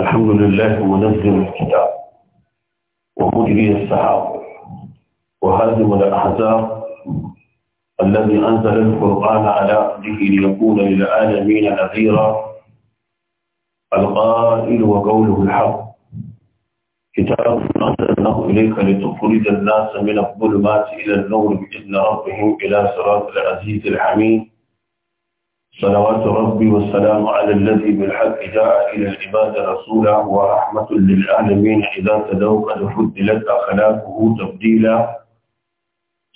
الحمد لله منزل الكتاب ومجري السحاب وهازم الأحزاب الذي أنزل القرآن على عبده ليكون للعالمين نذيرا القائل وقوله الحق كتاب أنزلناه إليك لتخرج الناس من الظلمات إلى النور بإذن ربهم إلى صراط العزيز الحميد صلوات ربي والسلام على الذي بالحق جاء إلى العباد رسولا ورحمة للعالمين إذا تدوك لك أخلاقه تبديلا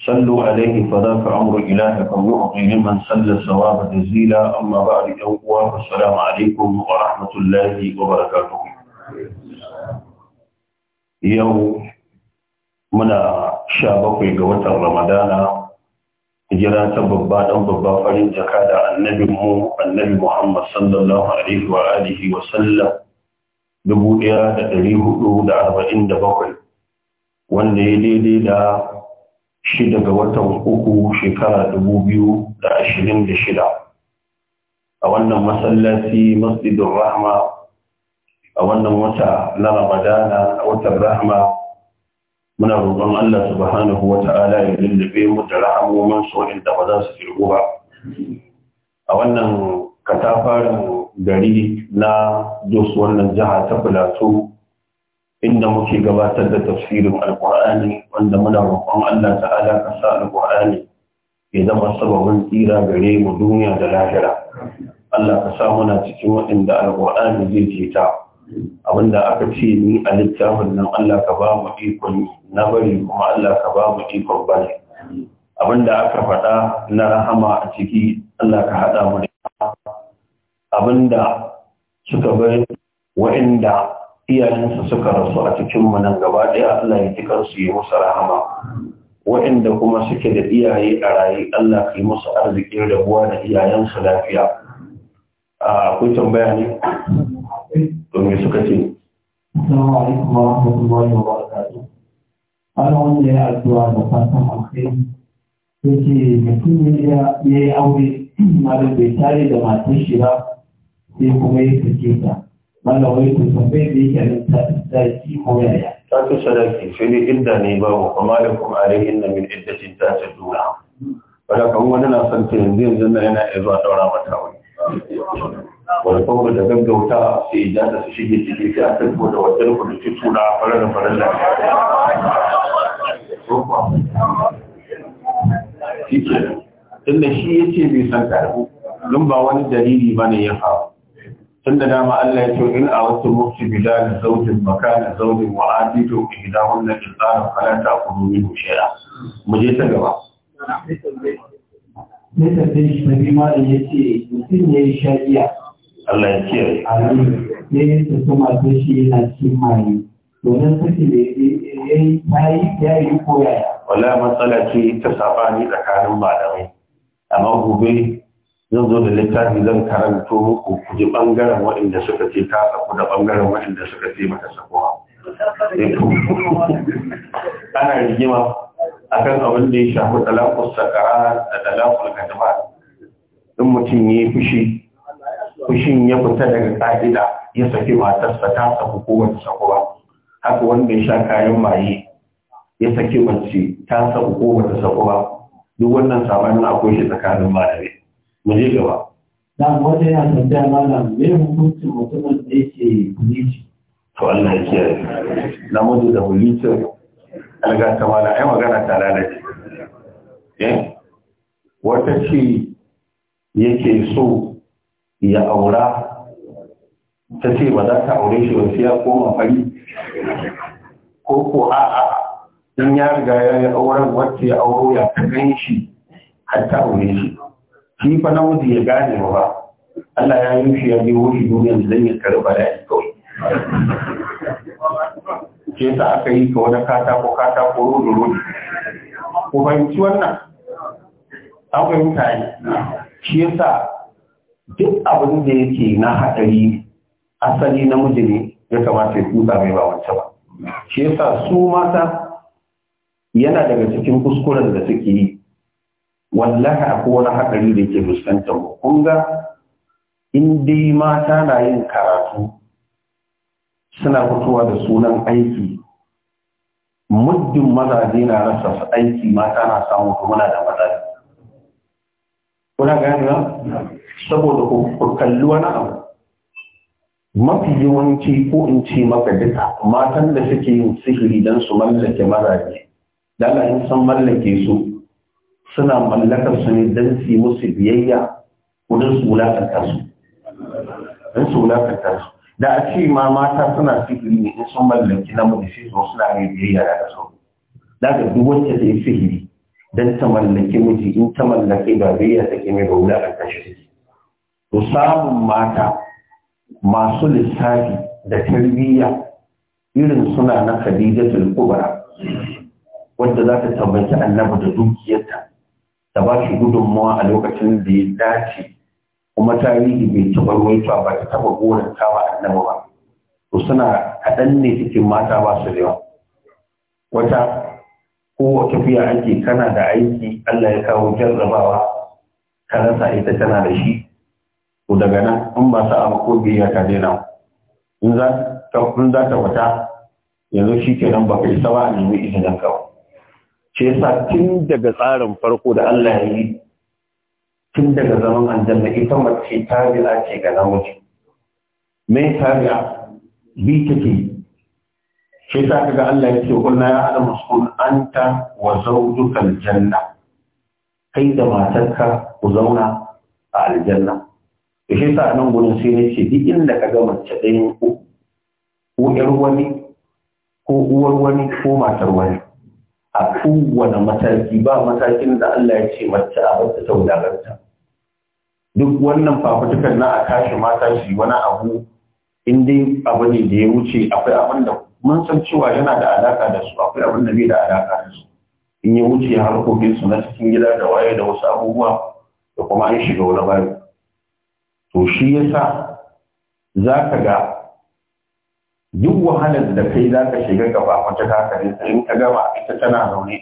صلوا عليه فذاك أمر إلهكم يعطي لمن صلى الثواب جزيلا أما بعد أوقوا والسلام عليكم ورحمة الله وبركاته يوم منا شابك قوة رمضان hijira ta babba dan babba farin jaka da annabin mu annabi Muhammad sallallahu alaihi wa alihi wa sallam 1447 wanda ya daidai da shi daga watan uku shekara 2026 a wannan masallaci masjidin rahma a wannan wata na ramadana a watan rahma muna roƙon Allah subhanahu wa ya lullube mu da rahamomin su inda ba za su kirgo ba a wannan katafarin gari na Jos wannan jiha ta Filato inda muke gabatar da tafsirin alƙur'ani wanda muna roƙon Allah ta'ala ka sa alƙur'ani ya zama sababin tsira gare mu duniya da lahira Allah ka sa muna cikin waɗanda alƙur'ani zai ceta abinda aka ce ni a littafin nan Allah ka ba mu ikon na bari kuma Allah ka ba mu ikon bari abinda aka faɗa na rahama a ciki Allah ka haɗa mu da abinda suka bar wa'inda iyayensu suka rasu a cikin mu nan gaba ɗaya Allah ya kika su yi musu rahama wa'inda kuma suke da iyaye a raye Allah ka yi musu arzikin rabuwa da iyayensu lafiya ah, akwai tambaya ne domin suka ce Assalamu wanda ya addu'a da fatan alkhairi yake mutum ya yi aure malam bai tare da matar shi ba sai kuma ya sake ta malam wai ku tambaye da yake nan ta tsaki ko yaya ta ta sadaki sai ne inda ne ba wa kuma da kuma alai inna min iddatin ta ta dura wala kan wani na san ta yanzu yanzu yana zuwa daura mata wani wani kawai da gaggauta sai ya da su shige ciki sai a kan da wajen ku da ke tura fara da fara da shi tunda shi ya ce bai san karbu don ba wani dalili ba ne ya faru tunda dama Allah ya ce in a wasu mufti da zaujin makana zaujin wa adidu tsara qitaran fala ta'khudhu minhu shay'a mu je ta gaba ne tafiye shi na bi ma da ya ce mutum ya yi Allah ya kiyaye ne ya tafi masu shi yana cikin mayu domin suke da ya yi ya yi koya wala matsala ce ta ni tsakanin malamai amma gobe zan zo da littafi zan karanto muku ku ji bangaren waɗanda suka ce ta sako da bangaren waɗanda suka ce maka sakuwa eh, ana rigima akan abin da ya shafi talakus sakara da talakus kadama in mutum ya yi fushi Kushin ya fita daga ƙa'ida ya saki matarsa ta saku ko wata sakuwa haka wanda ya sha kayan maye ya saki mace ta saku ko wata sakuwa duk wannan sabanin akwai shi tsakanin malami mu je gaba dan wata yana tambaya malam me hukuncin mutumin da yake kuliji to Allah ya kiyaye na mutu da hulicin alga ta mala ai magana ta lalace eh wata ce yake so ya aura ta ce ba za ta aure shi wasu ya koma fari ko ko a'a in ya riga ya yi auren wacce ya auro ya ta shi har ta aure shi shi fa wuce ya gane ba ba. Allah ya yi shi ya je wuri duniyar zan yi karba da shi kawai ke ta aka yi ka wani katako katako rudu rodo ku fahimci wannan an fahimta ne shi yasa duk abin da yake na haɗari asali na ne ya kamata ya kusa mai ba wacce ba shi yasa su mata yana daga cikin kuskuren da suke yi wallahi akwai wani haɗari da ke fuskantar mu kun ga in dai mata na yin karatu suna fitowa da sunan aiki muddin mazaje na rasa su aiki mata na samu kuma na da mazaje kuna gane ba saboda ku kalli wani abu mafi yawanci ko in ce maka duka matan da suke yin sihiri don su mallake da dala in san mallake su suna mallakar su ne don su yi musu biyayya ko don su wulakanta su don su wulakanta su da a ce ma mata suna sihiri ne in sun mallaki da shi su suna yin biyayya da su da ga duk wacce ta yi sihiri don ta mallake miji in ta mallaki ba ta take mai ba wulaƙanta shi to samun mata masu lissafi da tarbiyya irin suna na khadijatul kubra wadda za ta tabbaci annabi da dukiyarta da ba shi gudunmawa a lokacin da ya dace kuma tarihi bai taɓa ruwaita ba ta taɓa gorantawa annabi ba to suna kaɗan ne cikin mata ba su da yawa wata ko tafiya ake kana da aiki Allah ya kawo jarrabawa ka rasa ita tana da shi ko daga nan in ba sa abu ko biyayya ka daina in za ka in za ta fita yanzu shi kenan ba ka isa ba a nemi izinin kawo ce yasa tun daga tsarin farko da Allah ya yi tun daga zaman aljanna ita mace tabi'a ce ga namiji me tabi'a bi take shi sa ga Allah ya ce kullu ya adamu sun anta wa zawjuka aljanna kai da matarka ku zauna a aljanna shi sa nan gurin sai ne ce duk inda ga mace ɗayan ku ko ƴar wani ko uwar wani ko matar wani a kowane mataki ba matakin da Allah ya ce mace a bata ta duk wannan fafutukan na a kashi mata shi wani abu in dai abu ne da ya wuce akwai abin da mun san cewa yana da alaka da su akwai abin da bai da alaka da su in ya wuce harkokin su na cikin gida da waye da wasu abubuwa da kuma an shiga wani bari to shi yasa za ka ga duk wahalar da kai za ka shiga gaba wata kakarin in ka gaba ita tana zaune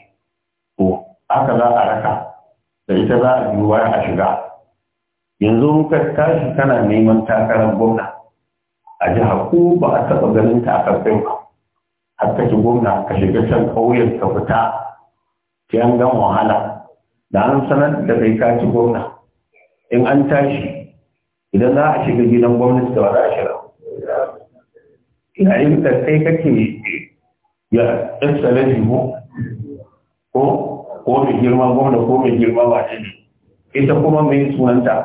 to haka za a raka da ita za a biyu bayan a shiga yanzu ka tashi kana neman takarar gwamna a jiha ko ba a taɓa ganin ta a karfin ba har ka ci gwamna ka shiga can ƙauyen ka fita ta an gan wahala da an sanar da kai ka ci gwamna in an tashi idan za a shiga gidan gwamnati da wani ashira yayin da kai kake ya excellency jimo ko ko mai girma gwamna ko mai girma ba ne ita kuma mai sunanta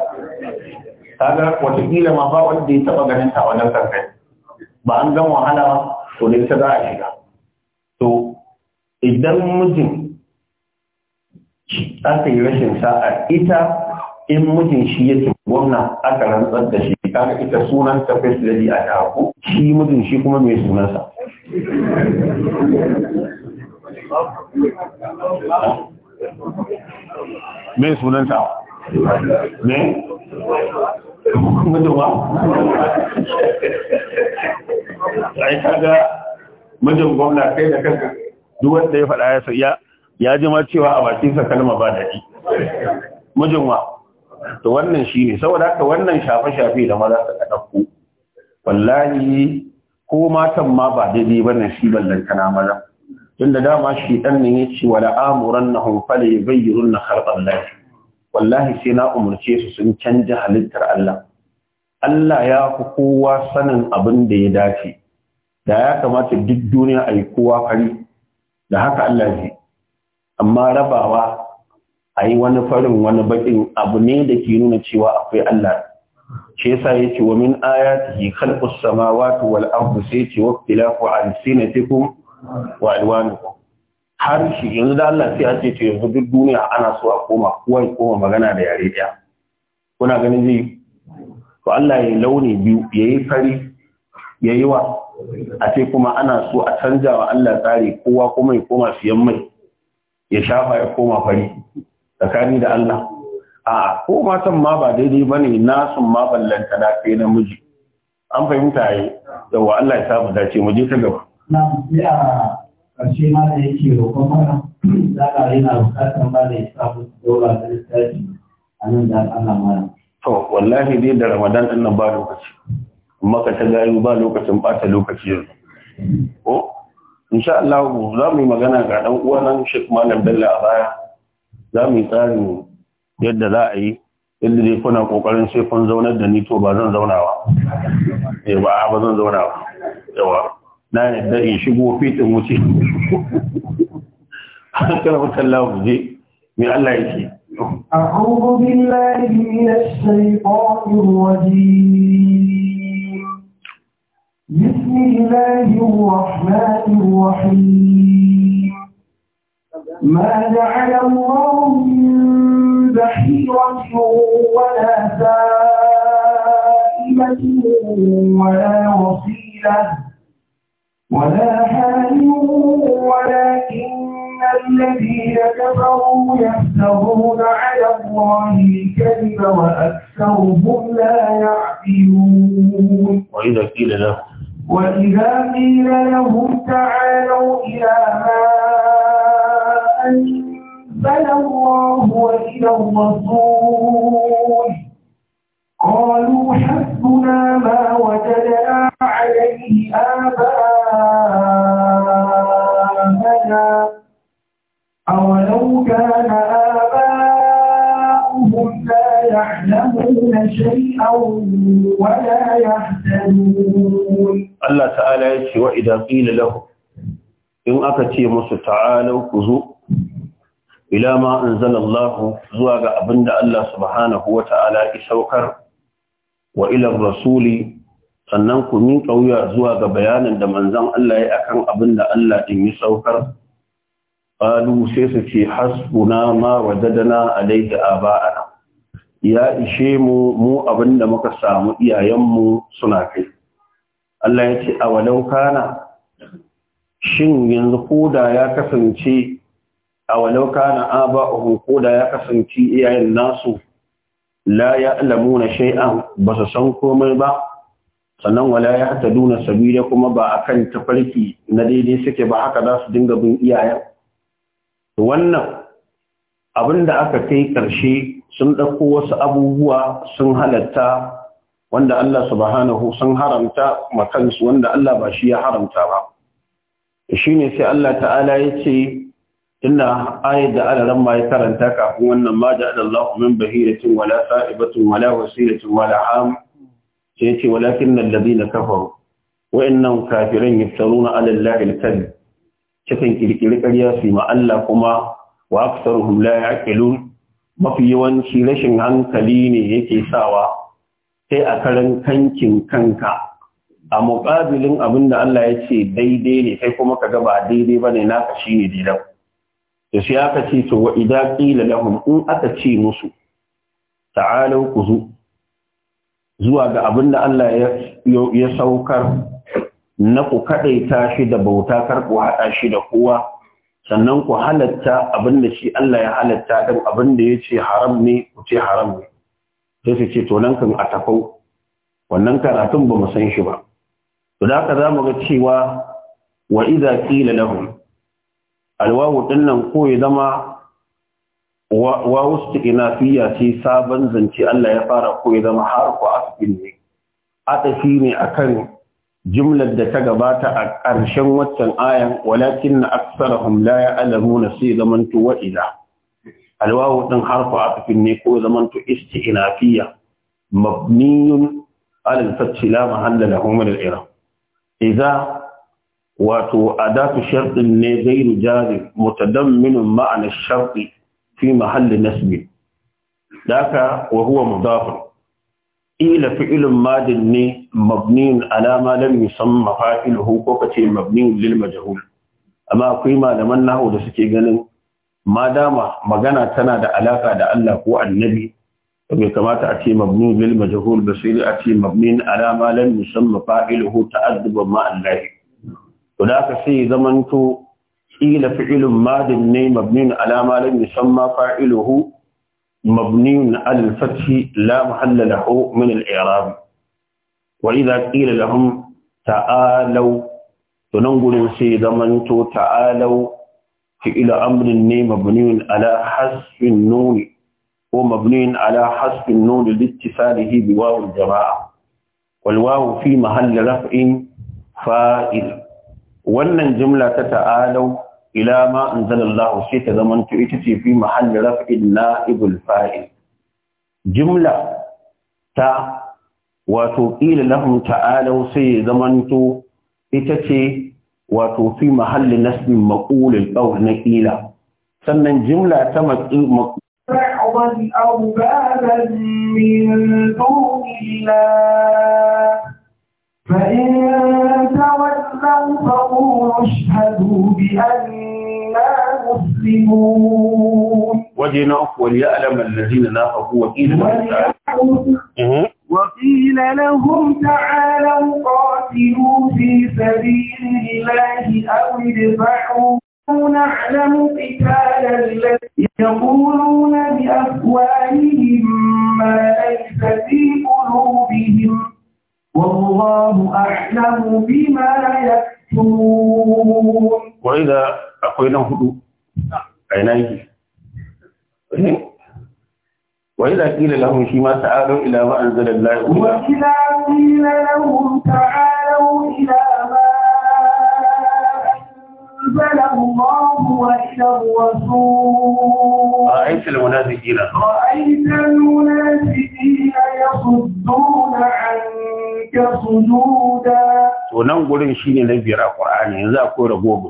kaga watakila ma ba wanda ya taba ganin ta wannan karfe ba an gan wahala ba to ne ta za a shiga to idan mijin aka yi rashin sa'a ita in mijin shi yake gwamna aka rantsar da shi kaga ita sunan ta da a taku shi mijin shi kuma mai sunansa mai sunansa ne? mutum ba? ai kaga mijin gwamna kai da kanka duk wanda ya faɗa ya saya ya ji cewa a bakin sa kalma mijin wa to wannan shi ne saboda haka wannan shafe shafe da maza suka ɗauko wallahi ko matan ma ba daidai ba ne shi kana maza tunda dama shi dan ne ya ce wala amurannahum na khalqan lahi wallahi sai na umarce su sun canja halittar Allah Allah ya fi kowa sanin abin da ya dace da ya kamata duk duniya a yi kowa fari da haka Allah ji amma rabawa a yi wani farin wani baƙin abu ne da ke nuna cewa akwai Allah sa ya ce wa min ayatihi khalqus sama, wal ardi sai ce wa ikhtilafu teku wa ku. har shi yanzu da Allah sai ya ce to yanzu duk duniya ana so a koma kowa ya koma magana da yare ɗaya kuna ganin zai to Allah ya launi biyu ya yayi fari yi wa a ce kuma ana so a canja wa Allah tsari kowa kuma ya koma siyan mai ya shafa ya koma fari tsakani da Allah a ko matan ma ba daidai ba ne, nasun ma ballanta da kai namiji an fahimta yi yawa Allah ya samu dace mu je ta gaba na ya karshe ma da yake roƙon mana za ka yana bukatar ba da ya samu dora da lissafi a nan da Allah mana to wallahi dai da Ramadan din nan ba lokaci maka ta gayu ba lokacin bata lokaci yanzu ko insha Allah za mu yi magana ga dan uwa nan Sheikh Malam Bello a baya za mu yi tsari yadda za a yi yadda dai kuna kokarin sai kun zaunar da ni to ba zan zauna ba eh ba ba zan zauna ba yawa na yadda in shigo fitin wuce hankali wutar lawo je mai Allah yake أعوذ بالله من الشيطان الرجيم بسم الله الرحمن الرحيم ما جعل الله من بحيرة ولا سائمة ولا وصيلة ولا حال ولكن الذين كفروا يفترون على الله الكذب وأكثرهم لا يعقلون وإذا قيل لهم وإذا قيل لهم تعالوا إلى ما أنزل الله وإلى الرسول قالوا حسبنا ما وجدنا عليه آباءنا أولو كان آباؤهم لا يعلمون شيئا ولا يهتدون Allah ta'ala ya ce wa idan qila lahu in aka ce musu ta'alau ku zo ila ma anzalallahu zuwa ga abinda Allah subhanahu wa ta'ala ya saukar wa ila rasuli sannan ku min ƙauya zuwa ga bayanin da manzon Allah ya akan abinda Allah in yi saukar Falu sai su ce hasbuna ma wajadana a aba'ana ya ishe mu mu abinda muka samu iyayenmu suna kai Allah ya ce a walau kana shin yanzu koda ya kasance a walau kana aba'uhum koda ya kasance iyayen nasu la ya'lamuna shay'an ba su san komai ba sannan wala duna sabila kuma ba a kan tafarki na daidai suke ba haka za su dinga bin iyayen wannan abin da aka kai ƙarshe sun ɗauko wasu abubuwa sun halatta wanda Allah subhanahu sun haramta makansu wanda Allah ba shi ya haramta ba shi ne sai Allah ta'ala ya ce ina ayat da alaran ma ya karanta kafin wannan ma da Allah min bahiratin wala sa'ibatin wala wasilatin wala ham sai ce walakin alladhina kafaru wa'annan kafiran ya taru na al-kadhib cikin kirkiri ƙarya su ma Allah kuma wa aksaruhum la yaqilun mafi yawanci rashin hankali ne yake sawa sai a karan kankin kanka a muƙabilin abin da Allah ya ce daidai ne kai kuma ka ga ba daidai ba ne naka shi ne daidan da shi aka ce to wa idan ƙila lahum in aka ce musu ta'alau ku zu zuwa ga abin da Allah ya saukar na ku kaɗaita shi da bauta kar ku haɗa shi da kowa sannan ku halatta abin da shi Allah ya halatta ɗin abin da ya ce haram ne ku ce haram ne sai su ce to kan a tafau wannan karatun ba mu san shi ba to da haka zamu ga cewa wa idza qila lahum alwawu dinnan ko ya zama wa wasu ce sabon zance Allah ya fara ko ya zama har ku asbin ne atafi ne akan jumlar da ta gabata a ƙarshen waccan ayan walakin na aksarahum la ya'lamuna sai zamantu wa idza alwawu din harfu atfin ne ko zaman to isti'nafiya mabniyun ala al-fath la mahalla lahu min al-i'rab idza wato adatu shartin ne gairu jari mutadamminun ma'ana sharti fi mahalli nasbi daka wa huwa mudafun ila fi'ilun madin ne mabniyun ala ma lam yusamma fa'iluhu ko kace mabniun lil majhul amma akwai malaman nahwu da suke ganin ma dama magana tana da alaƙa da Allah ko annabi bai kamata a ce mabni bil majhul basiri a ce mabni ala ma lam yusamma fa'iluhu ta'adduban ma Allah to da ka sai zamanto qila fi'lun madin ne mabni ala ma lam yusamma fa'iluhu min على الفتح لا محل له من الإعراب وإذا قيل لهم تعالوا تنقل سيدمنت تعالوا فعل أمر ني مبني على حذف النون ومبني على حذف النون لاتصاله بواو الجماعة والواو في محل رفع فائل wannan jumla ta ta'alau ila ma anzalallahu sai ta zamanto ita ce fi mahalli raf'in na'ibul fa'il jumla ta wato ila lahum ta'alau sai zamanto ita ce wato fi mahalli nasbi maqulul qawl na ila sannan jimla ta maqul أو بابا من دون الله فإن تولوا فقولوا اشهدوا بأننا مسلمون وليعلم الذين نافقوا وقيل لهم وقيل لهم تعالوا قاتلوا في سبيل الله أو ادفعوا نعلم قتالا يقولون بأفواههم ما ليس في قلوبهم والله أعلم بما يكتمون وإذا أقول لهم أين وإذا قيل لهم شيما تعالوا إلى ما أنزل الله وإذا قيل لهم تعالوا إلى ما أنزل الله وإلى الرسول رأيت المنازجين رأيت المنازجين يصدون عنك صدودا ونقول إن شيء نبير القرآن إذا كنت أقول أبو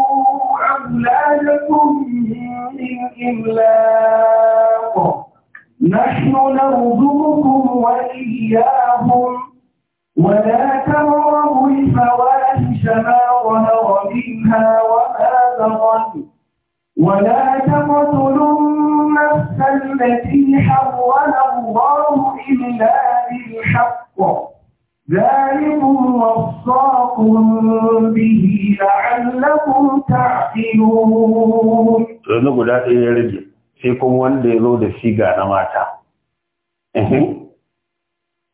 لا لكم من إملاق نحن نرزقكم وإياهم ولا تقربوا الفواحش ما ظهر منها وما بطن ولا تقتلوا النفس التي حرم الله إلا بالحق ذلكم وصاكم به لعلكم تعقلون wani guda ɗaya ya rage sai kuma wanda ya zo da siga na mata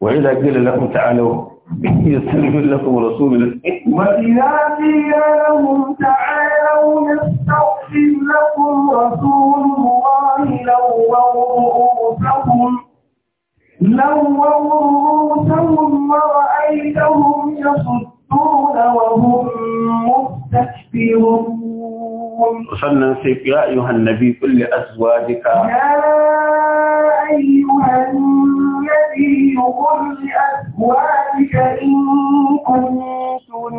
wa idza qila lakum ta'alu yastaghfir lakum rasulun wa idza qila lahum ta'alu لووا رؤوسهم ورأيتهم يصدون وهم مستكبرون وصلنا يا أيها النبي قل لأزواجك يا أيها النبي قل لأزواجك إن كنتن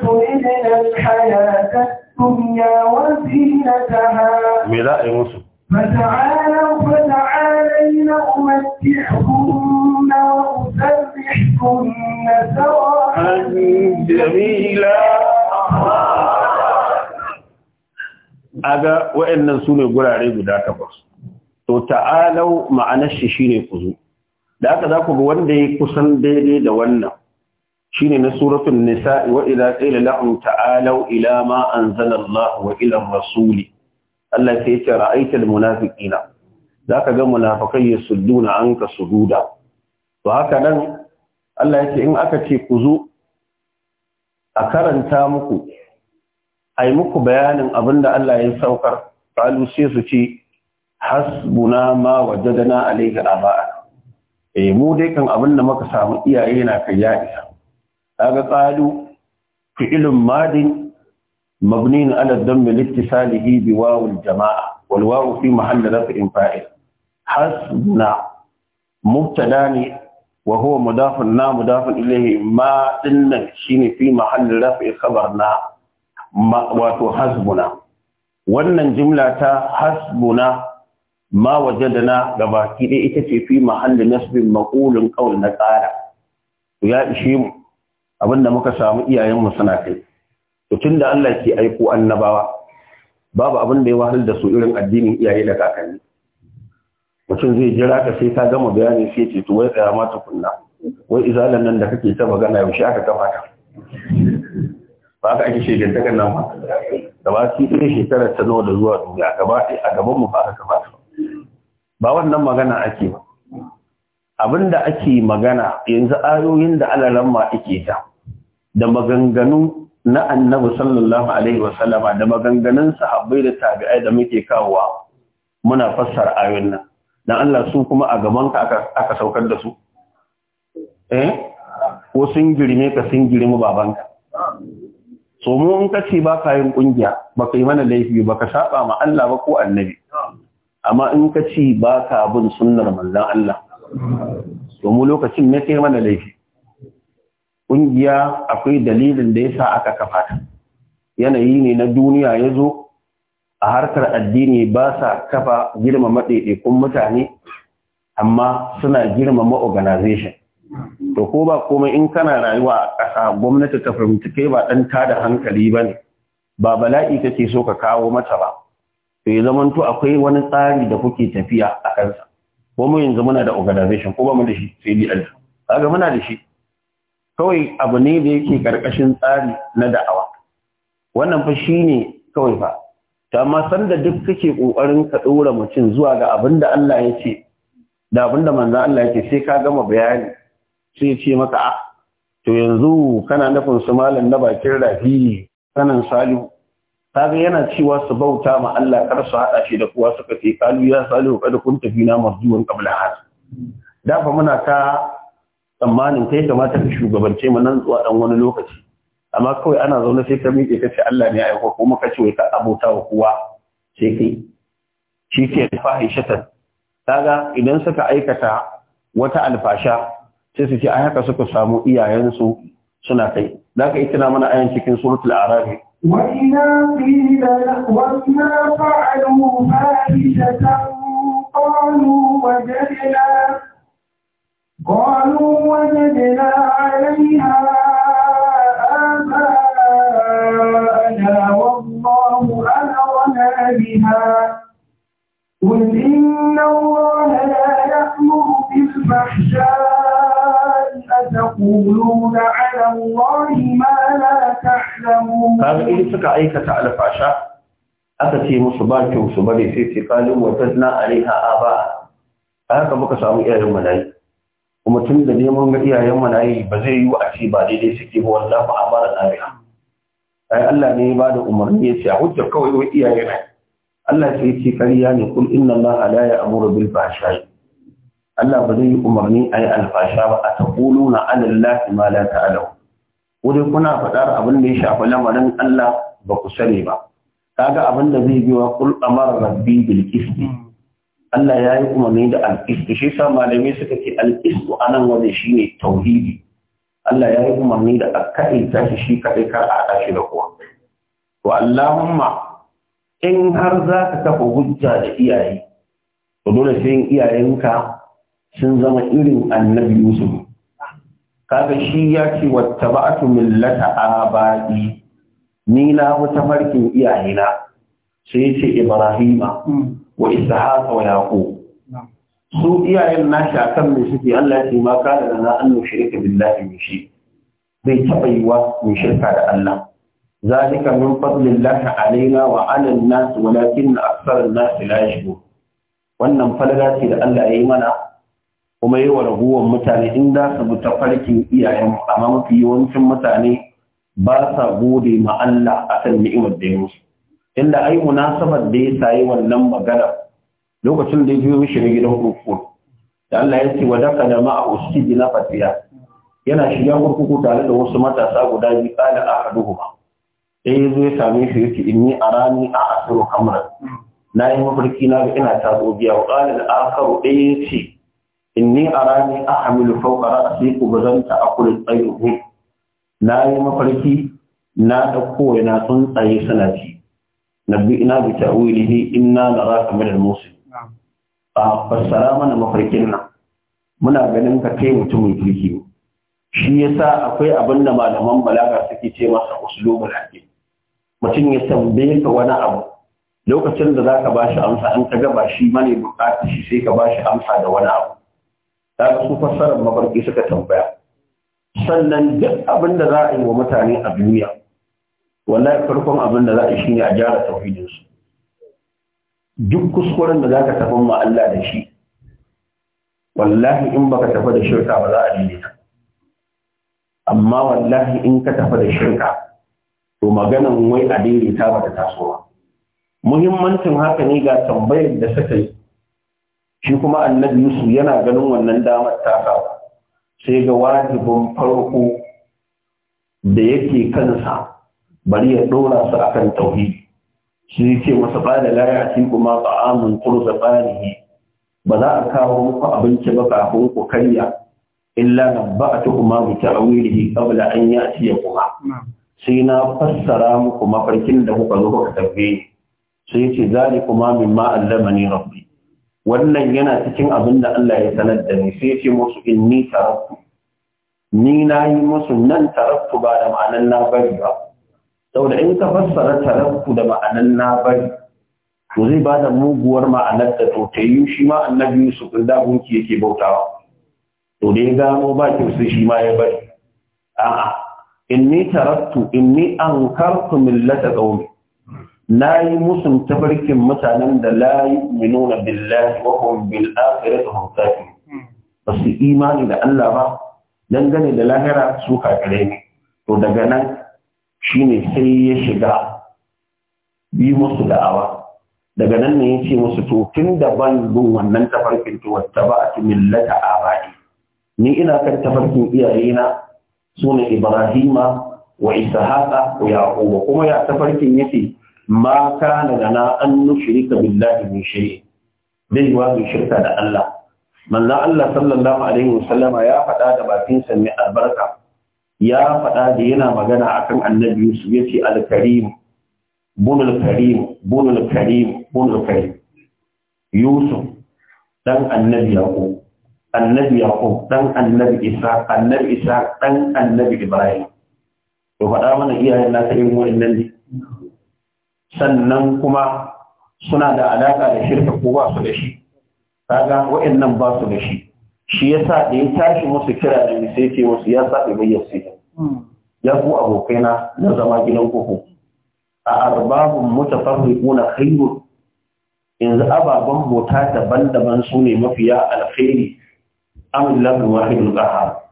تردن الحياة الدنيا وزينتها ملاء يوسف فتعالوا فتعالوا الذين أمتعهن سواء جميلا aga wa'annan su ne gurare guda takwas to ta'alau ma'anar shi shine ku da aka za ku ga wanda ya kusan daidai da wannan shine na suratul nisa'i wa idza qila lahum ta'alau ila ma anzala Allah wa ila rasuli Allah sai ya ce ra'aytal za ka ga munafakai ya sudduna an ka sududa to haka nan Allah yake in aka ce ku zo a karanta muku a muku bayanin abinda Allah ya saukar ƙalu sai su ce hasbuna ma wajadana alaihi aba'a eh mu dai kan abin da muka samu iyaye na kai ya isa kaga qalu fi'lun madin mabnin ala dhamm liittisalihi bi waw al-jama'a wal waw fi mahall fa'il hasbuna mubtada ne wa huwa mudafun na mudafun ilayhi ma dinnan shine fi mahallin rafi khabar na wato hasbuna wannan jimla ta hasbuna ma wajadana gabaki dai ita ce fi mahallin nasbin maqulun qaul na tsara. ya ishe mu abinda muka samu iyayen mu suna kai to tunda Allah ke aiko annabawa babu abin da ya wahal da su irin addinin iyaye da kakanni mutum zai jira ka sai ta gama bayani sai ce to wai tsaya ma kunna. wai izalan nan da kake ta magana yaushe aka kafa ta ba ka ake shegar ta nan ba da ba su ɗaya shekarar ta nawa da zuwa duniya gaba a gaban mu ba aka kafa ta ba wannan magana ake ba abin da ake magana yanzu ayoyin da alaramma ake ta da maganganu na annabi sallallahu alaihi wasallama da maganganun sahabbai da tabi'ai da muke kawowa muna fassara ayoyin nan dan Allah su kuma a gaban ka aka saukar da su eh ko sun girme ka sun girme babanka so mu in ka ce ba yin kungiya baka yi mana laifi ba ka saba ma Allah ba ko annabi amma in ka ce ba bin sunnar manzon Allah so mu lokacin ne kai mana laifi kungiya akwai dalilin da yasa aka kafa ta yanayi ne na duniya ya zo a harkar addini ba sa kafa girmama ɗaiɗaikun mutane amma suna girmama organization to ko ba komai in kana rayuwa a ƙasa gwamnati ta fahimci kai ba ɗan tada hankali ba ne ba bala'i kake so ka kawo mata ba to ya zamanto akwai wani tsari da kuke tafiya a kansa ko mu yanzu muna da organization ko ba mu da shi sai DL kaga muna da shi kawai abu ne da yake karkashin tsari na da'awa wannan fa shine kawai fa ta amma sanda duk kake kokarin ka dora mutum zuwa ga abinda Allah ya da abinda manzon Allah ya sai ka gama bayani sai ce maka a ah, to yanzu kana nufin su malam na bakin rafi sanan salihu kaga yana cewa su bauta ma Allah kar su hada shi da kowa suka ce kalu ya salihu kad kunta na marjuwan kabla hada da fa muna ta tsammanin kai kamata ka shugabance mu nan zuwa dan wani lokaci amma kawai ana zaune sai ka miƙe ka ce Allah ne ya aiko kuma ka ce wai ka abota wa kowa sai kai shi ke fahishatan kaga idan suka aikata wata alfasha sai su ce ai haka suka samu iyayensu suna kai zaka ita na mana ayan cikin suratul arabi وإذا قيل وإذا فعلوا فاحشة قالوا وجدنا qalu وجدنا عليها فيها قل إن الله لا يأمر بالفحشاء أتقولون على الله ما لا تعلمون هذا إيه aka ce musu ba ki musu bane sai ce kalin wata na alaiha a ba a haka muka samu iyayen manayi kuma tun da neman ga iyayen manayi ba zai yi wa ce ba daidai suke ba wallahi ba a mara tsari ai Allah ne ya bada umarni ya ce a hujjar kawai wa iyaye ne Allah sai ce ƙarya ne kul inna Allah la ya'muru bil fahsha'i Allah ba zai yi umarni ayi alfasha ba a taquluna 'ala Allah ma la ta'lamu wuri kuna faɗar abin da ya shafi lamarin Allah ba ku sani ba kaga abin da zai biwa kul amara rabbi bil qisti Allah ya yi umarni da al-qist shi sa malamai suka ce al-qist anan wajen shine tauhidi Allah ya yi umarni da a ta shi shi kaɗai kar a haɗa da kowa. To Allahumma in har za ka kafa hujja da iyaye to dole sai iyayenka sun zama irin annabi Yusuf kaga shi ya ce wattaba'tu millata abai ni na wata farkin iyayena sai ya ce Ibrahima wa Ishaqa wa Yaqub su iyayen nashi akan mai suke Allah ya ce ma kana lana an shirka billahi min shi bai taba yiwa mu shirka da Allah ذلك من فضل الله علينا وعلى الناس ولكن أكثر الناس لا يشكرون wannan falala ce da Allah ya yi mana kuma yi wa raguwar mutane in za su bi ta farkin iyayen amma mafi yawancin mutane ba sa gode ma Allah a kan ni'imar da ya musu inda ai munasabar da ya sayi wannan magana lokacin da ya biyo mishi na gidan kurkuku da Allah ya ce wa daka da a usidi na fatiya yana shiga kurkuku tare da wasu matasa guda biyu haduhu ba. ɗaya eh, zai ya same shi yake inni a rani a asiru kamar na yi mafarki na ga ina zo biya wa da al'akaru ɗaya eh, ce inni a rani a hamilu faukara a sai ku ba zan ta akulin tsayin na yi mafarki na na sun tsuntsaye suna Na bi ina bi ta'wilihi na naraka min al musu a fassara mana mafarkin nan muna ganin ka kai mutumin kirki shi sa akwai abin da malaman balaga suke ce masa uslubul hakim mutum ya tambaye ka wani abu lokacin da zaka ba shi amsa an ka gaba shi mane bukata shi sai ka ba shi amsa da wani abu ta su fassarar mafarki suka tambaya sannan duk abin da za a yi wa mutane a duniya wallahi farkon abin da za a yi shine a gyara su duk kuskuren da zaka tafi ma Allah da shi wallahi in baka tafi da shirka ba za a daidaita amma wallahi in ka tafi da shirka to maganan wai a daidaita ba da tasowa muhimmancin haka ne ga tambayar da suka yi shi kuma annabi yusuf yana ganin wannan damar tasa sai ga wajibin farko da yake kansa bari ya ɗora su akan tauhi. shi ce masa ba da laya shi kuma ba amin kurza ba za a kawo muku abinci ba kafin ku karya illa a wuri ta'wilihi kabla an kuma. sai na fassara muku mafarkin da kuka zo kuka tabbe sai yace zalikuma mimma ni rabbi wannan yana cikin abin da Allah ya sanar da ni sai ce musu inni taraktu ni na yi musu nan taraftu ba da ma'anan na bari ba saboda in ka fassara taraftu da ma'anan na bari to zai ba da muguwar ma'anar da to ta yi shi ma annabi Yusuf da gunki yake bautawa to da ya gano ba kyau shi ma ya bari a'a inni tarattu inni ankartu millata qaumi Na yi musun tabarkin mutanen da la yu'minuna billahi wa hum bil akhirati hum Ba su imani da Allah ba dangane da lahira su kakare ne to daga nan shine sai ya shiga bi musu da'awa daga nan ne ya ce musu to tun da ban bin wannan tafarkin to wata ba millata abadi ni ina kan tafarkin iyayena su ne ibrahima wa ishaqa wa yaqub kuma ya tafarkin yace ma kana lana an nushrika billahi min shay dai wa shirka da Allah manzo Allah sallallahu alaihi wasallama ya faɗa da bakin sa mai albarka ya faɗa da yana magana akan annabi Yusuf yace al-karim bunul karim bunul karim bunul karim Yusuf dan annabi Yaqub annabi yaqub dan annabi isa annabi isa dan annabi ibrahim to faɗa mana iyayen nasa irin wa'annan ne sannan kuma suna da alaƙa da shirka ko ba su da shi kaga wa'annan ba su da shi shi yasa da ya tashi musu kira da sai ce musu ya sa ibayyar sai ya ku abokaina na zama gidan kuku a arbabun mutafarriquna khairun yanzu ababen bota daban-daban su ne mafiya alkhairi amullahu wahidul qahhar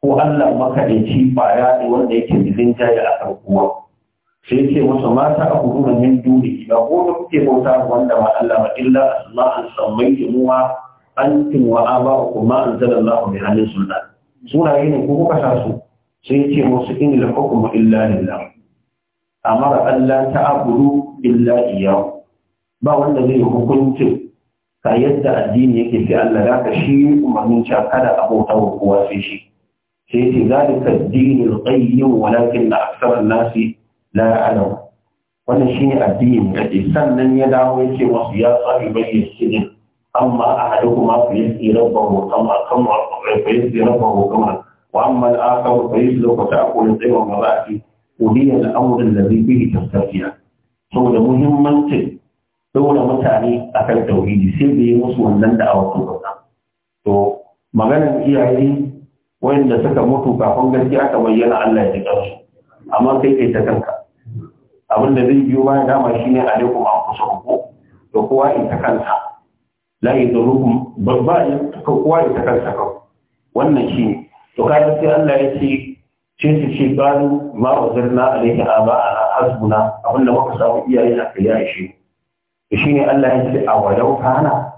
ko Allah da ci baya ne wanda yake bilin jaye a kan kowa sai yake masa mata a gurin min duni ba ko da kuke bauta wanda ba Allah ba illa Allah an sammaiti muwa antum wa aba'ukum ma anzalallahu bi halin sultan sunaye ne ko kuka sa su sai yake musu in la hukmu illa lillah amara Allah ta'budu illa iyyahu ba wanda zai hukunci ka yadda addini yake sai Allah ya ka shi umarnin cewa kada a bauta wa kowa sai shi sai ce zalika addinul qayyim walakin aksara nasi la ya'lamu wannan shine addini yake sannan ya dawo yake wasu ya sahibi bayyana أما أحدكما فيسقي ربه كما كما فيسقي ربه كما وأما الآخر فيسلك تأكل الطير والمرأة ولي الأمر الذي به تستفيان. سو ده مهم منطق ɗora mutane a kan tauhidi sai da yi musu wannan da a wasu to maganar iyaye wayanda suka mutu kafin gaskiya aka bayyana Allah ya ji kansu amma kai kai ta kanka abin da zai biyo baya dama ne alaikum an kusa ku to kowa in ta kansa la yadurukum babba ya kowa in ta kansa ka wannan shi ne. to kada sai Allah ya ce ce su ce qalu ma wazirna alayhi aba hasbuna abinda muka samu iyaye na kai ya ishe shi ne Allah ya ce a walau kana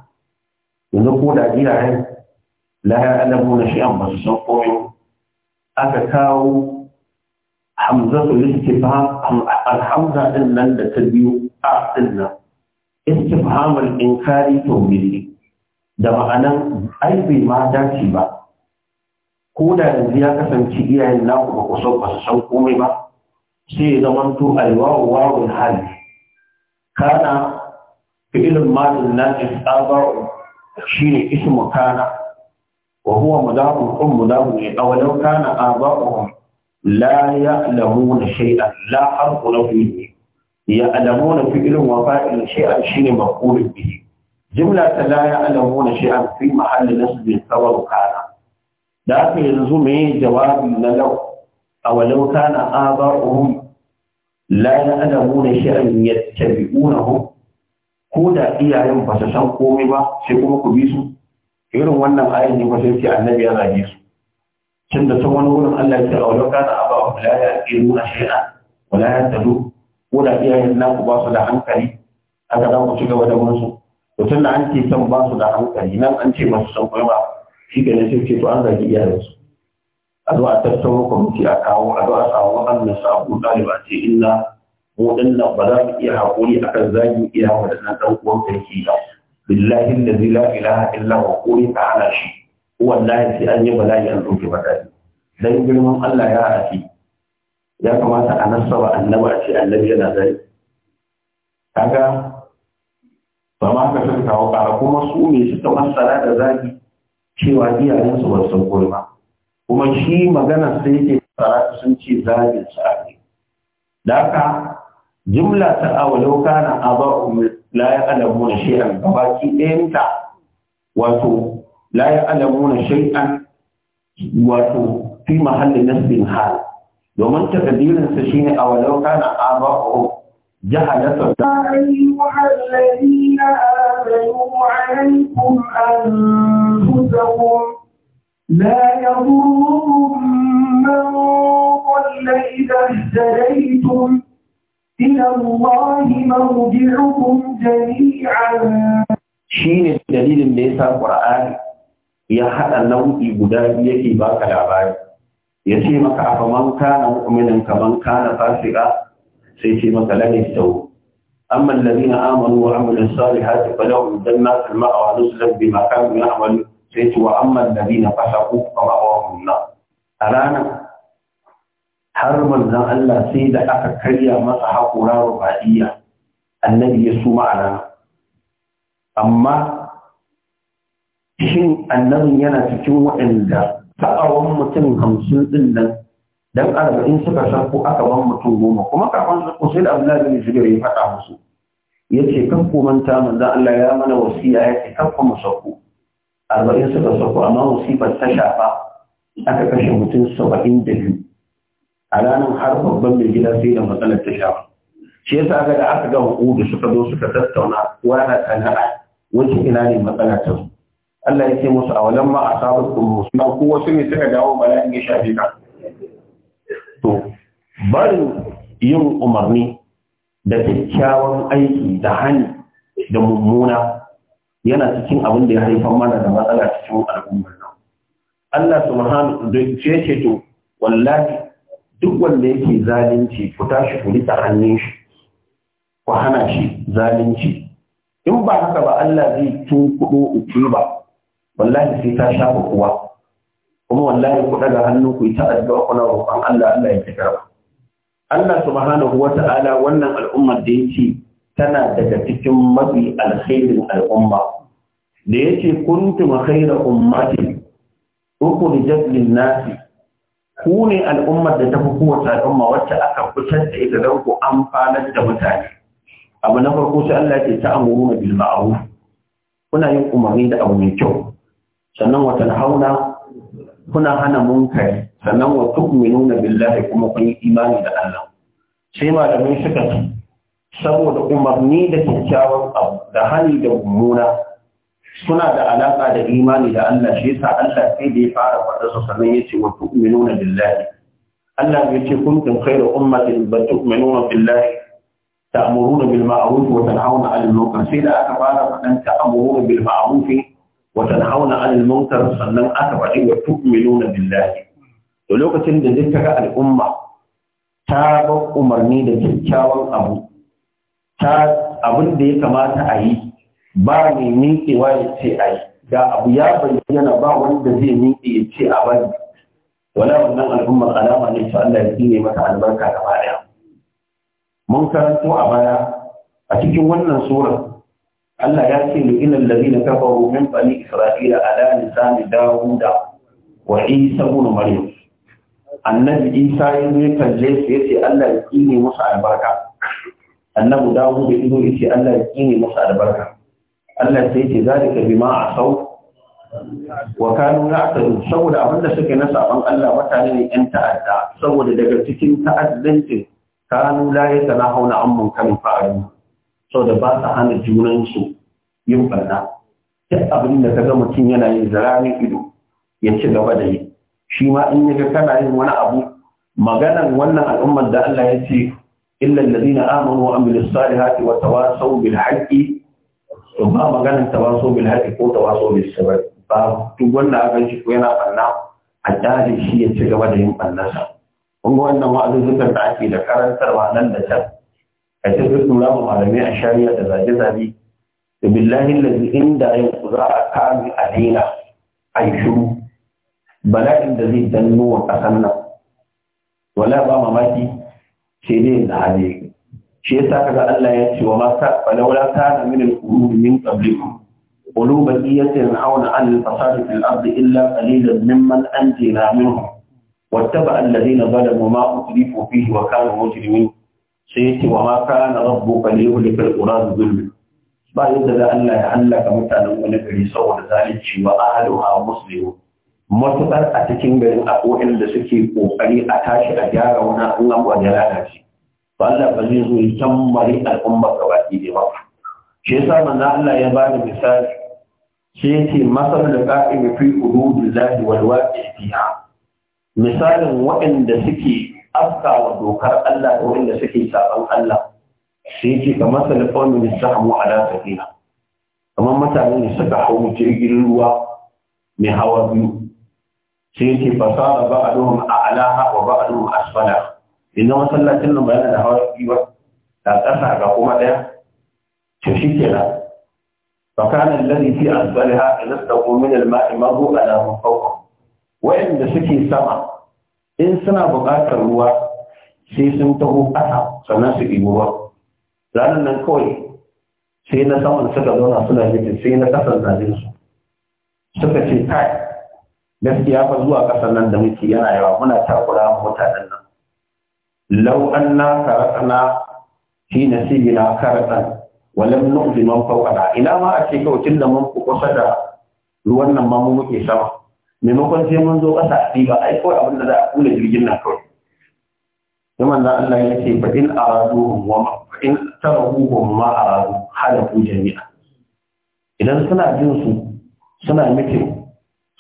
yanzu ko da jirayen la ya alamu na shi'an ba su san komai aka kawo hamzatu listifham alhamza din nan da ta biyu a din nan istifhamul inkari tawbili da ma'anan ai bai ma dace ba ko da yanzu ya kasance iyayen naku ba ku san ba su san komai ba sai ya zama to alwawu wawun hali kana fi irin malin nan in tsabaru shi ne ismu kana wa huwa mudahun kun mudahun ne ɗawalin kana tsabaru la ya alamu na shaidan la har kuna ya alamu na fi irin wa fa'in shi'an shi ne ta la ya alamu na shi'an fi mahalli na su bin tsabaru kana da aka yanzu mai jawabin na lau ɗawalin kana tsabaru la ya alamu na shi'an yadda ta bi'u na hukum ko da iyayen ba su san komai ba sai kuma ku bi su irin wannan ayan ne ba sai ce annabi ya zage su tun da wani wurin Allah ya ce a wajen kana aba wa la ya kiru na shay'a wa la ya ko da iyayen naku ba su da hankali aka za ku ci gaba da musu to tun da an ce san ba su da hankali nan an ce su san ba shi ke sai ce to an zagi iyayen su a zo a tattauna kwamiti a kawo a zo a samu waɗanda su abu ɗaliba ce illa mu ba za su iya haƙuri akan zagi iya wa da ɗan uwan ka yake ba billahi allazi la ilaha illa huwa quli ta'ala shi wallahi sai an yi bala'i an ba bala'i dan girman Allah ya rafi ya kamata a nasaba annabi a ce annabi yana zai kaga ba ma ka san kawo ƙara kuma su me suka masara da zagi cewa iyayensu ba su ba kuma shi magana sai yake fara sun ce zagin su ake da haka jumla ta awalau kana aba'u la ya'lamuna shay'an gabaki ɗayanta wato la ya'lamuna shay'an wato fi mahalli nasbin hal domin takadirin sa shine awalau kana aba'u jahalatu ya ayyuhal ladina amanu alaykum anfusakum لا يضركم من ضل إذا اهتديتم إلى الله مرجعكم جميعا shine dalilin da ya yasa Qur'ani ya haɗa nau'i guda biyu yake baka labari ce maka afa man kana mu'minan kaman kana fasika sai ce maka la yastawi amma alladhina amanu wa amilus salihati falahum jannatul ma'wa nuzulan bima kanu ya'malun sai ce wa amma alladhina fasaqu fa ma'awahum nar a ranar har manzon Allah sai da aka karya masa haƙura rubaiya annabi ya suma a rana amma shin annabin yana cikin waɗanda ta'awan mutum hamsin ɗin nan don arba'in suka sarko aka ban mutum goma kuma kafin su kusur da abdullahi bin shigar ya faɗa musu ya ce kan ku manta manzan Allah ya mana wasiya ya ce kan mu sauko arba'in suka sauko amma wasifar ta shafa aka kashe mutum saba'in da biyu a ranar har babban mai gida sai da matsalar ta sha shi yasa ga da aka ga da suka zo suka tattauna na sana'a wajen ina ne matsala ta Allah ya ce musu a walan ma a sabon kuma suna ko wasu ne suka dawo bala'in ya shafe ka to barin yin umarni da kyakkyawan aiki da hani da mummuna yana cikin abin da ya haifar mana da matsala cikin al'ummar nan Allah subhanahu da ce to wallahi duk wanda yake zalunci ku tashi ku rika hannun shi ku hana shi zalunci in ba haka ba Allah zai tun kudo uku ba wallahi sai ta ku kuwa kuma wallahi ku daga hannu ku yi ta addu'a kuna roƙon Allah Allah ya ba. Allah subhanahu Ta'ala wannan al'ummar da yake tana daga cikin mafi alkhairin al'umma da yake kuntum khayra ummati ukhrijat lin-nasi ku ne al'ummar da ta fi kowace al'umma wacce aka fitar da ita don ku amfanar da mutane abu na farko sai Allah ke ta amuru na bil kuna yin umarni da abu mai kyau sannan wata tanhauna kuna hana munkari sannan wa tu'minuna billahi kuma kun yi imani da Allah sai malamai suka ci. saboda umarni da kyakkyawan abu da hali da mummuna suna da alaƙa da imani da Allah shi yasa Allah sai da ya fara faɗa su sannan ya ce wa tu'minuna billahi Allah ya ce kuntum khayra ummatin ba tu'minuna billahi ta'muruna bil ma'ruf wa tanhauna 'anil munkar sai da aka fara faɗan ta'muruna bil ma'ruf wa tanhauna 'anil munkar sannan aka faɗi wa tu'minuna billahi to lokacin da zai kaga al'umma ta ba umarni da kyakkyawan abu ta abin da ya kamata a yi ba ne miƙewa ya ce a yi da abu ya bayyana ba wanda zai miƙe ya ce a bari wala nan al'ummar alama ne su Allah ya ne mata albarka gaba ɗaya mun karanto a baya a cikin wannan sura Allah ya ce lu'inal ladina kafaru min bani isra'ila ala lisani dawuda wa isa ibn maryam annabi isa ya ne kalle su yace Allah ya ne musu albarka annabi dawuda ya ce Allah ya ne musu albarka Allah sai ce zalika bima asau wa kanu ya'tadu saboda abinda suke na saban Allah mutane ne yan ta'adda saboda daga cikin ta'addancin kanu la yatanahuna an munkarin fa'alu saboda ba sa hana junan su yin barna duk abin da kaga mutum yana yin zaramin ido ya ci gaba da yi shi ma in yaga kana yin wani abu maganan wannan al'ummar da Allah ya ce illal ladina amanu wa amilus salihati wa tawasaw bil haqqi to ba maganin tawaso bil haƙi ko tawaso bil sabar ba duk wanda aka shi ko yana banna a dare shi ya ci gaba da yin bannasa kun ga wannan wa'azuzzukan da ake da karantarwa nan da can a ce su tura mu malamai a shari'a da zage-zage da billahi lazi inda yau za a kame a daina a yi shiru bala'in da zai danno wa ƙasan nan wala ba mamaki sai dai da hali shi yasa kaga Allah ya ce wa ma ka falawla kana min al-qulub min qablikum qulub baqiyatin auna an al-fasad fil ard illa qalilan mimman anjina minhum wattaba alladhina zalamu ma utrifu fihi wa kanu mujrimin sai yace wa ma kana rabbuka liyuhlika al-qura bi ba yadda da Allah ya hallaka mutanen wani gari saboda zalunci wa ahluha muslimun matuƙar a cikin garin a da suke ƙoƙari a tashi a gyara wani an a da lalace ba Allah ba zai zo ya kammari al'umma ga baki da ba shi yasa manzo Allah ya ba da misali shi yace masal da qa'im fi hududillahi wal waqi fiha misalin waɗanda suke afka wa dokar Allah da waɗanda suke saban Allah shi yace ka masal qawmin istahmu ala safina kamar mutane ne suka hau jirgin ruwa mai hawa biyu sai yace fasara ba'aduhum a'laha wa ba'aduhum asfala inda masallacin nan bayan da hawa biyu da ƙasa ga kuma ɗaya ce shi ke da. tsakanin lalli fi a zuwa ha a nasta gomin ilmai mago a Wa fauka suke sama in suna buƙatar ruwa sai sun taho ƙasa sannan su ɗibo ranar nan kawai sai na saman suka zauna suna jirgin sai na ƙasar zajen su suka ce kai gaskiya fa zuwa ƙasar nan da muke yana yawa muna takura mutanen nan لو أنا كرتنا في نسيبنا كرتا ولم نؤذي من فوقنا إلى ما أشيك وتل من قصد ruwan nan ma muke sama maimakon sai mun zo ƙasa a ba ai kawai abin da za a kula jirgin na kawai sai manzo Allah ya ce fa in aradu wa ma fa in tarahu ma aradu jami'a idan suna jin su suna mitin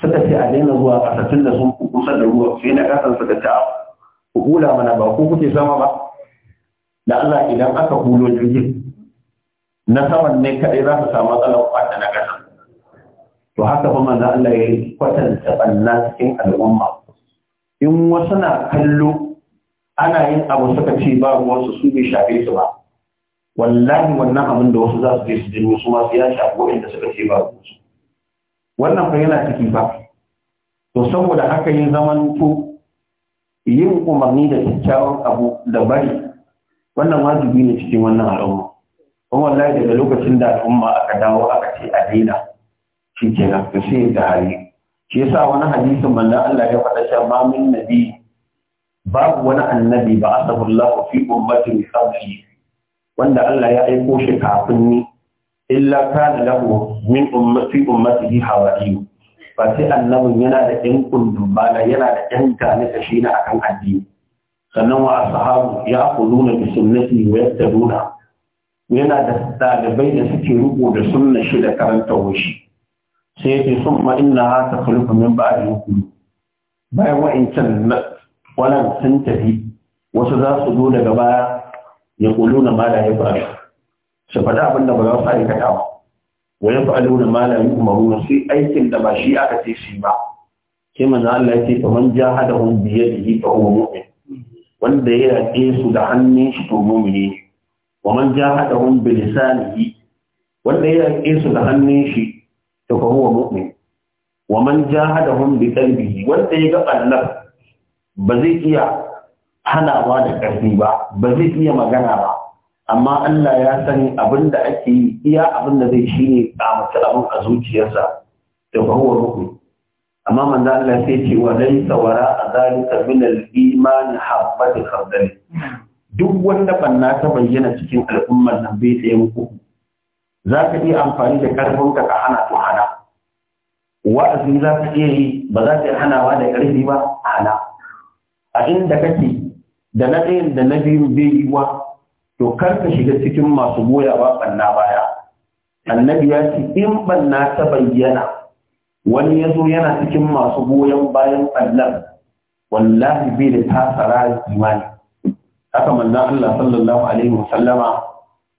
suka ce a daina zuwa ƙasa tun da sun kusa da ruwa sai na ƙasan suka ta ku hula mana ba ku kuke zama ba da Allah idan aka hulo jirgin na saman ne kaɗai za su samu matsalar kwata na ƙasa to haka fa manzo Allah ya kwatanta banna cikin al'umma in wasu na kallo ana yin abu suka ce ba wasu su bai shafe su ba wallahi wannan abin da wasu za su je su jiro su masu ya shafi waɗanda suka ce ba su. wannan fa yana ciki ba to saboda haka yin zaman ku yin umarni da kyakkyawan abu da bari wannan wajibi ne cikin wannan al'umma kuma wallahi daga lokacin da al'umma aka dawo aka ce a daina shi ke nan to sai da hali shi yasa wani hadisin manzon Allah ya faɗa cewa ma min nabi babu wani annabi ba asahu Allah fi ummatin qabli wanda Allah ya aiko shi kafin ni illa kana lahu min ummati ummatihi hawariyu ba sai annabin yana da ɗan bala yana da ɗin gane kashi na akan addini sannan wa sahabu ya nuna da sunnati wa yadda nuna. yana da ɗalibai da suke riko da sunna shi da karanta wushi sai yace summa inna ha takhluqu min yi hukm bayan wa'incan wannan sun tafi wasu za su zo daga baya ya kuluna ma da ya fara su faɗa abin da ba za su aikata ba wa ya fa'alu da malamin umaru sai aikin da ba shi aka ce shi ba sai manzo Allah ya ce fa man jahadahum bi yadihi fa huwa mu'min wanda ya yaƙe su da hannun shi to mu'mini ne wa man jahadahum bi lisanihi wanda ya yaƙe su da hannun shi to fa huwa mu'min wa man jahadahum bi qalbihi wanda ya ga Allah ba zai iya hanawa da ƙarfi ba ba zai iya magana ba amma Allah ya san abin da ake yi iya abin da zai shi ne kamata abin a zuciyarsa da huwa ruhu amma manzo Allah sai ce wa laysa wara zalika min al-iman habbat khardal duk wanda banna ta bayyana cikin al'ummar nan bai tsaye muku ka iya amfani da karfin ka hana to hana wa'azi za ka iya yi ba za ka hanawa da karfi ba hana a inda kake da na ɗayan da na biyu bai yi wa to kar ka shiga cikin masu goya ba banna baya annabi ya ce in banna ta bayyana wani ya zo yana cikin masu goyon bayan ɓallar wallahi bai da tasara imani haka manzan Allah sallallahu alaihi wasallama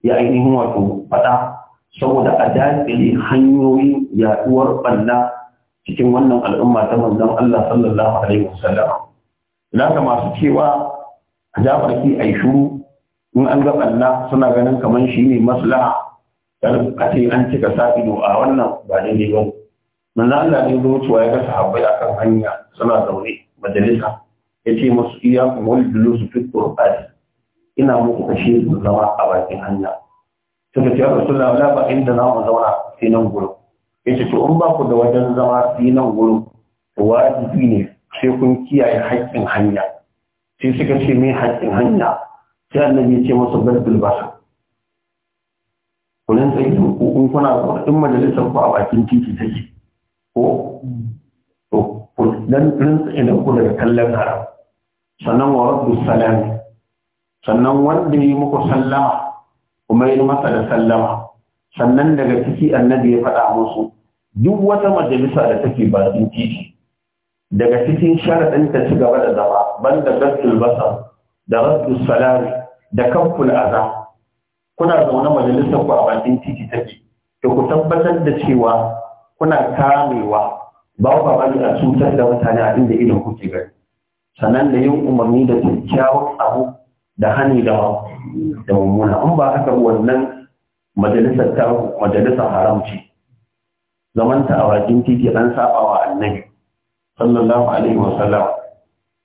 ya ainihin wato faɗa saboda a dakile hanyoyin yaɗuwar ɓalla cikin wannan al'umma ta manzan Allah sallallahu alaihi wasallama. Laka masu cewa a jafarki a yi shuru in an ga ɓanna suna ganin kamar shi ne maslaha ɗan a ce an cika sa ido a wannan ba ne ba manzo Allah ne zo cewa ya ga sahabbai akan hanya suna zaune majalisa ya ce musu iya wal julus fi qur'an ina muku kashe ku zama a bakin hanya suka ce Rasulullah la ba inda za mu zauna sai nan gurin ce to in ba ku da wajen zama sai nan gurin wajibi ne sai kun kiyaye haƙƙin hanya sai suka ce me haƙƙin hanya sai annabi ya ce masa gaddul ba kullun tsaye ku kun kuna in majalisar ku a bakin titi take ko to dan rinsa idan ku daga kallon haram sannan wa rabbu salam sannan wanda yi muku sallama kuma yi masa da sallama sannan daga ciki annabi ya faɗa musu duk wata majalisa da take bakin titi daga cikin sharaɗin ta ci gaba da zama banda gaskul basar da Ratu salari da kankul aza kuna zaune majalisar ku a bakin titi take to ku tabbatar da cewa kuna kamewa ba ku ba a cutar da mutane a inda idan kuke gani sannan da yin umarni da kyakkyawan abu da hani da da mummuna in ba haka wannan majalisar ta majalisar haramci zamanta a bakin titi dan saba wa annabi sallallahu alaihi wasallam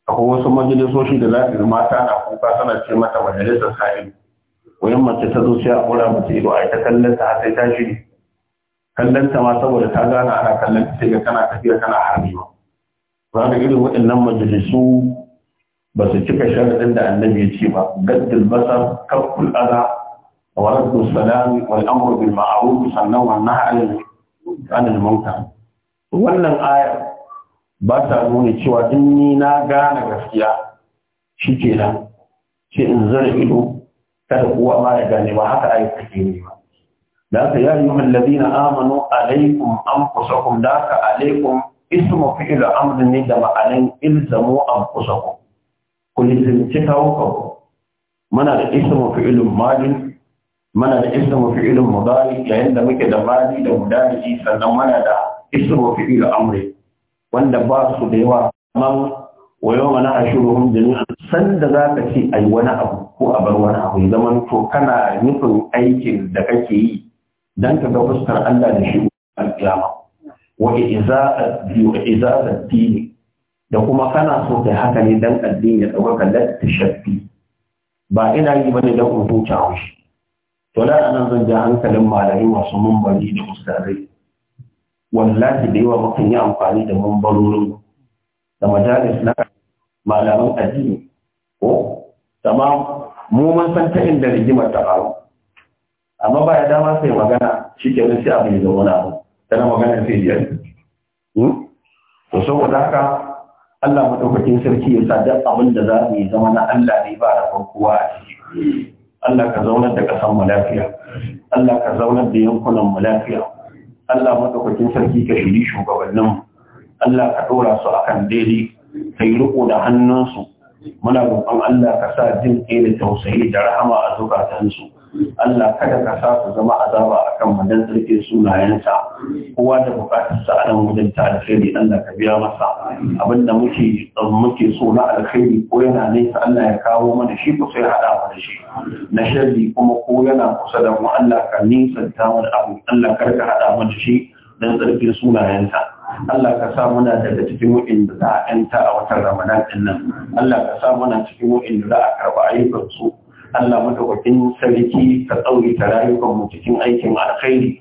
akwai wasu majalisoshi da za su yi mata na kuka suna ce mata majalisar sa'i wayan mace ta zo sai a kura mace ido a ita kallon ta sai ta shiri kallon ta ma saboda ta gana ana kallon ta sai ga tana tafiya tana harbiwa za ka irin waɗannan majalisu ba su cika sharaɗin da annabi ya ce ba gaddal basar kafkul aza wa raddu salami wal amru bil ma'ruf sannan wa nahyi anil munkar wannan aya ba ta nuna cewa in ni na gane gaskiya shi ke nan sai in zara ido kada kowa ma ya gane ba haka ai kake ne ba da haka ya yi mallabi na amanu alaikum an kusakun da haka alaikum ismu fi'il amrin ne da ma'anin ilzamu an kusakun ku lizimci kawo muna da ismu fi'ilun malin muna da ismu fi'ilun mudari yayin da muke da mali da mudari sannan muna da ismu fi'il amrin wanda ba su da yawa amma wayo mana a shuruhun jami'a sanda za ka ce a yi wani abu ko a bar wani abu zama to kana nufin aikin da kake yi dan ka ga fuskar Allah da shi alƙiyama wa iza'at dini da kuma kana so kai haka ne dan addini ya dauka latta shaffi ba ina yi bane da rubuta haushi to da anan zan ja hankalin malamai masu mumbari da ustazai wallahi da yawa mukan yi amfani da mambarorin da majalis na malaman addini ko dama mu san ta inda rigimar ta faru amma ba ya dama sai magana shi ke wani sai abu ya zama na tana magana sai biyar hmm? to saboda haka Allah madaukakin sarki ya sa duk abin da za mu yi zama na Allah ne ba da kowa a ciki Allah ka zaunar da ƙasar mu lafiya Allah ka zaunar da yankunan mu lafiya Allah madaukakin sarki ka shiri shugabannin Allah ka dora su akan daidai ka yi riko da hannunsu muna roƙon Allah ka sa jin kai da tausayi da rahama a zukatansu Allah kada ka sa su zama azaba akan madan sarki sunayensa kowa da bukatar sa nan wajen ta alkhairi Allah ka biya masa abinda muke um, muke so na alkhairi ko yana nesa Allah ya kawo mana shi ko sai hada mana shi na sharri kuma ko yana kusa da mu Allah ka nisanta mana abu Allah kar ka hada mana shi dan sarki sunayensa Allah ka sa muna daga cikin wa'inda za a yanta a watan Ramadan ɗinnan. nan Allah ka sa muna cikin wa'inda za a karba ayyukan su Allah madaukakin sarki ka tsauri ta rayukan mu cikin aikin alkhairi